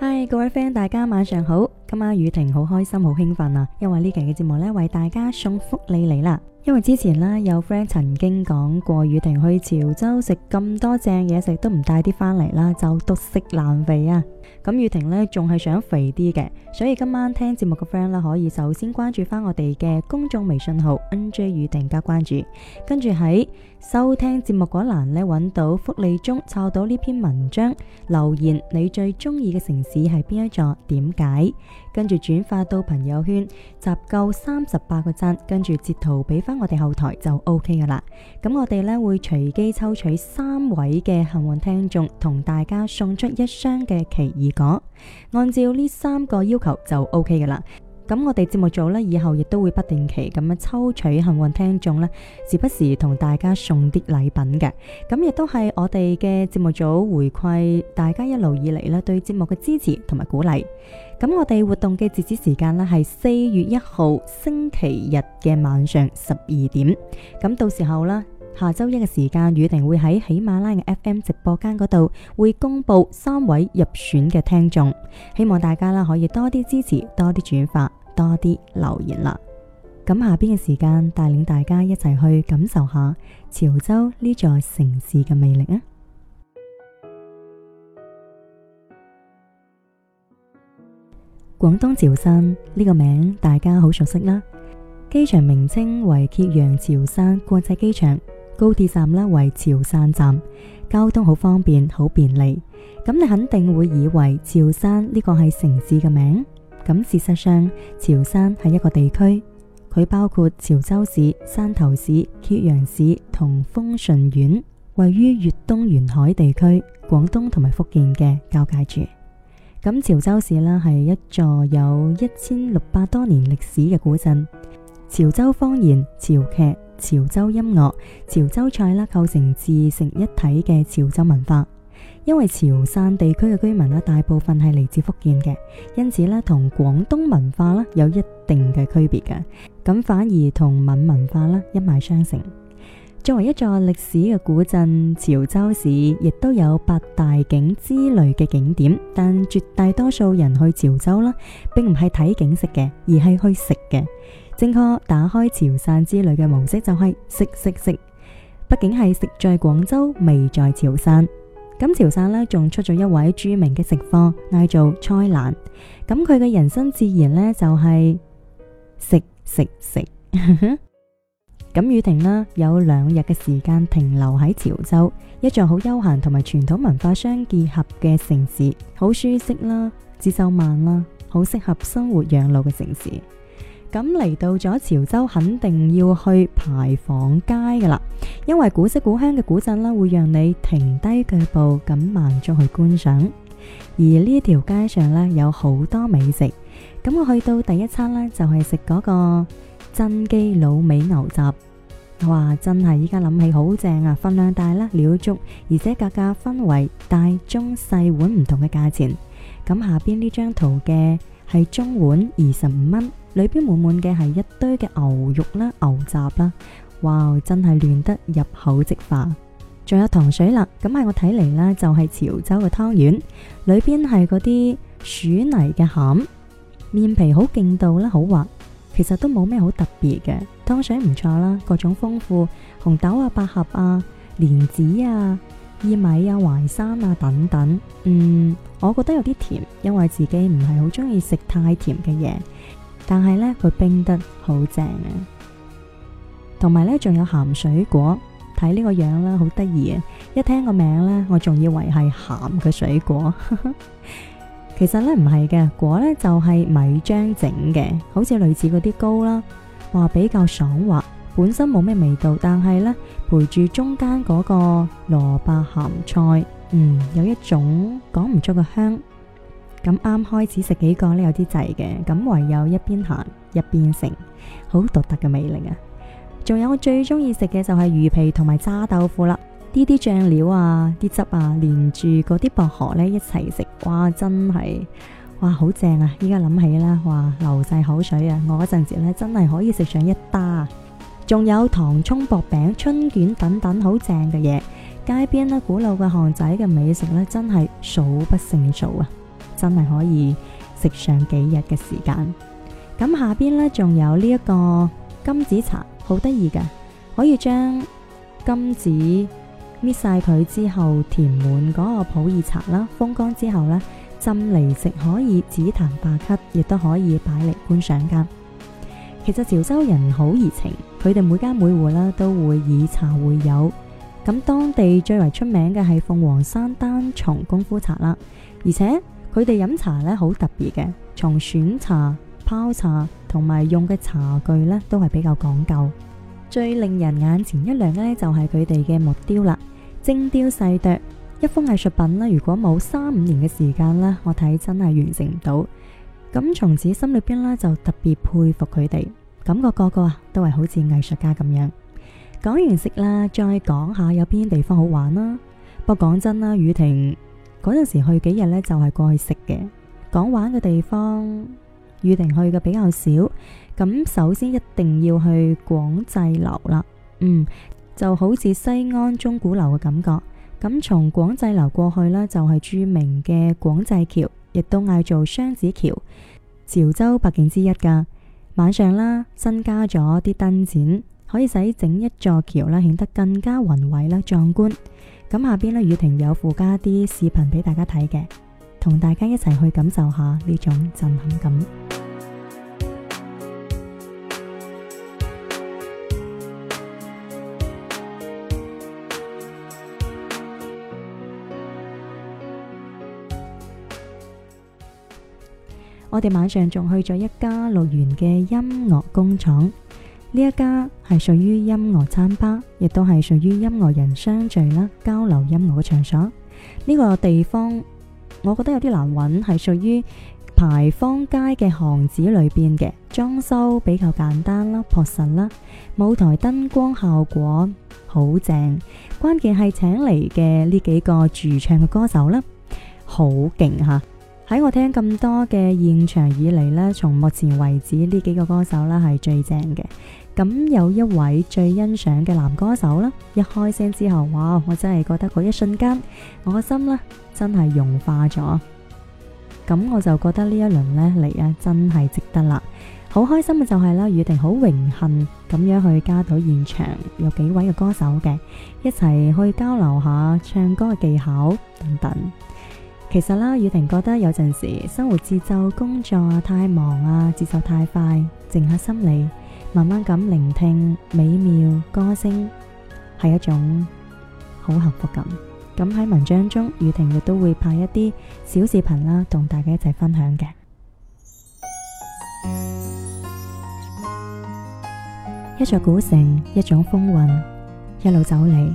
嗨，Hi, 各位 friend，大家晚上好。今晚宇婷好開心、好興奮啊！因為呢期嘅節目呢，為大家送福利嚟啦。因為之前呢，有 friend 曾經講過，宇婷去潮州食咁多正嘢食，都唔帶啲翻嚟啦，就獨食難肥啊！咁宇婷呢，仲係想肥啲嘅，所以今晚聽節目嘅 friend 呢，可以首先關注翻我哋嘅公眾微信號 NJ 宇婷加關注，跟住喺收聽節目嗰欄呢，揾到福利中抄到呢篇文章，留言你最中意嘅城市係邊一座？點解？跟住轉發到朋友圈，集夠三十八個讚，跟住截圖俾翻我哋後台就 O K 噶啦。咁我哋呢會隨機抽取三位嘅幸運聽眾，同大家送出一箱嘅奇異果。按照呢三個要求就 O K 噶啦。咁我哋節目組呢，以後亦都會不定期咁樣抽取幸運聽眾呢，時不時同大家送啲禮品嘅。咁亦都係我哋嘅節目組回饋大家一路以嚟呢對節目嘅支持同埋鼓勵。咁我哋活動嘅截止時間呢，係四月一號星期日嘅晚上十二點。咁到時候呢，下周一嘅時間，宇婷會喺喜馬拉雅 FM 直播間嗰度會公布三位入選嘅聽眾。希望大家呢可以多啲支持，多啲轉發。多啲留言啦！咁下邊嘅時間，帶領大家一齊去感受下潮州呢座城市嘅魅力啊！廣東潮汕呢個名大家好熟悉啦。機場名稱為揭陽潮汕國際機場，高鐵站啦為潮汕站，交通好方便好便利。咁你肯定會以為潮汕呢個係城市嘅名。咁事實上，潮汕係一個地區，佢包括潮州市、汕頭市、揭陽市同豐順縣，位於粵東沿海地區，廣東同埋福建嘅交界處。咁潮州市呢係一座有一千六百多年歷史嘅古鎮，潮州方言、潮劇、潮州音樂、潮州菜啦，構成自成一體嘅潮州文化。因為潮汕地區嘅居民咧，大部分係嚟自福建嘅，因此呢，同廣東文化啦有一定嘅區別嘅。咁反而同閩文化啦一脈相承。作為一座歷史嘅古鎮，潮州市亦都有八大景之類嘅景點。但絕大多數人去潮州啦，並唔係睇景色嘅，而係去食嘅。正確打開潮汕之旅嘅模式就係食食食。畢竟係食在廣州，味在潮汕。咁潮汕呢，仲出咗一位著名嘅食貨，嗌做蔡瀾。咁佢嘅人生自然呢就係食食食。咁宇婷呢有兩日嘅時間停留喺潮州，一座好悠閒同埋傳統文化相結合嘅城市，好舒適啦，節奏慢啦，好適合生活養老嘅城市。咁嚟到咗潮州，肯定要去牌坊街㗎喇，因為古色古香嘅古鎮啦，會讓你停低腳步咁慢足去觀賞。而呢條街上咧，有好多美食。咁我去到第一餐咧，就係食嗰個真基滷味牛雜，哇，真係依家諗起好正啊！分量大啦，料足，而且價格分為大中細碗唔同嘅價錢。咁下邊呢張圖嘅係中碗，二十五蚊。裏邊滿滿嘅係一堆嘅牛肉啦、牛雜啦，哇，真係亂得入口即化。仲有糖水啦，咁係我睇嚟呢，就係潮州嘅湯圓，裏邊係嗰啲薯泥嘅餡，面皮好勁度啦，好滑。其實都冇咩好特別嘅。湯水唔錯啦，各種豐富紅豆啊、百合啊、蓮子啊、薏米啊、淮山啊等等。嗯，我覺得有啲甜，因為自己唔係好中意食太甜嘅嘢。但係咧，佢冰得好正啊！同埋咧，仲有鹹水果，睇呢個樣咧，好得意啊！一聽個名咧，我仲以為係鹹嘅水果， 其實咧唔係嘅，果咧就係、是、米漿整嘅，好似類似嗰啲糕啦，話比較爽滑，本身冇咩味道，但係咧陪住中間嗰個蘿蔔鹹菜，嗯，有一種講唔出嘅香。咁啱開始食幾個呢，有啲滯嘅。咁唯有一邊行一邊食，好獨特嘅味嚟啊！仲有我最中意食嘅就係魚皮同埋炸豆腐啦。呢啲醬料啊，啲汁啊，連住嗰啲薄荷呢一齊食，哇！真係哇，好正啊！依家諗起啦，哇，流晒口水啊！我嗰陣時咧真係可以食上一打。仲有糖葱薄餅、春卷等等，好正嘅嘢。街邊呢，古老嘅巷仔嘅美食呢，真係數不勝數啊！真係可以食上幾日嘅時間。咁下邊呢，仲有呢一個金子茶，好得意嘅，可以將金子搣晒佢之後，填滿嗰個普洱茶啦，風乾之後呢，浸嚟食可以止痰化咳，亦都可以擺嚟觀賞噶。其實潮州人好熱情，佢哋每家每戶呢，都會以茶會友。咁當地最為出名嘅係鳳凰山丹松功夫茶啦，而且。佢哋飲茶咧，好特別嘅，從選茶、泡茶同埋用嘅茶具咧，都係比較講究。最令人眼前一亮嘅咧，就係佢哋嘅木雕啦，精雕細琢，一幅藝術品啦，如果冇三五年嘅時間啦，我睇真係完成唔到。咁從此心裏邊咧，就特別佩服佢哋，感覺個個啊都係好似藝術家咁樣。講完食啦，再講下有邊地方好玩啦。不過講真啦，宇婷。嗰陣時去幾日呢，就係、是、過去食嘅。講玩嘅地方宇婷去嘅比較少。咁首先一定要去廣濟樓啦，嗯，就好似西安鐘鼓樓嘅感覺。咁從廣濟樓過去呢，就係、是、著名嘅廣濟橋，亦都嗌做雙子橋，潮州百景之一㗎。晚上啦，增加咗啲燈展，可以使整一座橋啦，顯得更加宏偉啦，壯觀。咁下邊咧，宇婷有附加啲視頻畀大家睇嘅，同大家一齊去感受下呢種震撼感。 我哋晚上仲去咗一家樂園嘅音樂工廠。呢一家係屬於音樂餐吧，亦都係屬於音樂人相聚啦、交流音樂嘅場所。呢、這個地方我覺得有啲難揾，係屬於牌坊街嘅巷子裏邊嘅，裝修比較簡單啦、樸實啦。舞台燈光效果好正，關鍵係請嚟嘅呢幾個駐唱嘅歌手啦，好勁吓！喺我聽咁多嘅現場以嚟呢，從目前為止呢幾個歌手啦係最正嘅。咁有一位最欣賞嘅男歌手啦，一開聲之後，哇！我真係覺得嗰一瞬間，我個心呢真係融化咗。咁我就覺得呢一輪呢一輪呢嚟呀真係值得啦。好開心嘅就係啦，雨婷好榮幸咁樣去加到現場，有幾位嘅歌手嘅一齊去交流下唱歌嘅技巧等等。其實啦，雨婷覺得有陣時生活節奏工作太忙啊，節奏太快，靜下心理。慢慢咁聆聽美妙歌聲，係一種好幸福感。咁喺文章中，宇婷亦都會拍一啲小視頻啦，同大家一齊分享嘅。 一座古城，一種風雲，一路走嚟，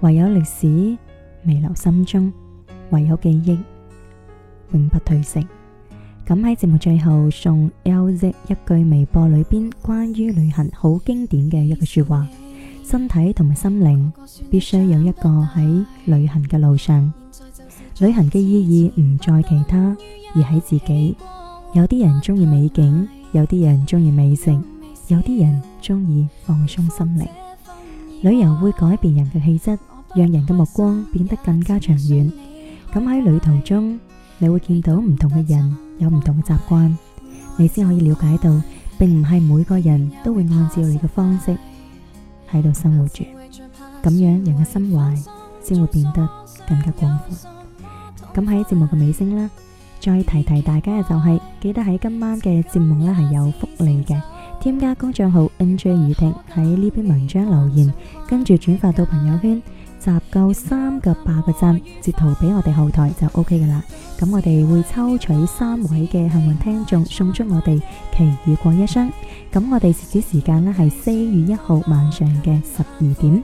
唯有歷史未留心中，唯有記憶永不褪色。咁喺節目最後送 LZ 一句微博裏邊關於旅行好經典嘅一句說話：身體同埋心靈必須有一個喺旅行嘅路上。旅行嘅意義唔在其他，而喺自己。有啲人鍾意美景，有啲人鍾意美食，有啲人鍾意放鬆心靈。旅遊會改變人嘅氣質，讓人嘅目光變得更加長遠。咁喺旅途中。你會見到唔同嘅人有唔同嘅習慣，你先可以了解到，並唔係每個人都會按照你嘅方式喺度生活住。咁樣人嘅心懷先會變得更加廣闊。咁喺節目嘅尾聲啦，再提提大家嘅就係、是、記得喺今晚嘅節目咧係有福利嘅，添加公賬號 NJ 宇婷，喺呢篇文章留言，跟住轉發到朋友圈。集夠三個八個讚，截圖俾我哋後台就 O K 噶啦。咁我哋會抽取三位嘅幸運聽眾，送出我哋奇異果一箱。咁我哋截止時間咧係四月一號晚上嘅十二點。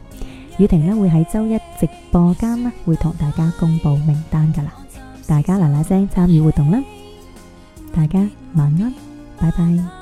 宇婷咧會喺周一直播間咧會同大家公布名單噶啦。大家嗱嗱聲參與活動啦！大家晚安，拜拜。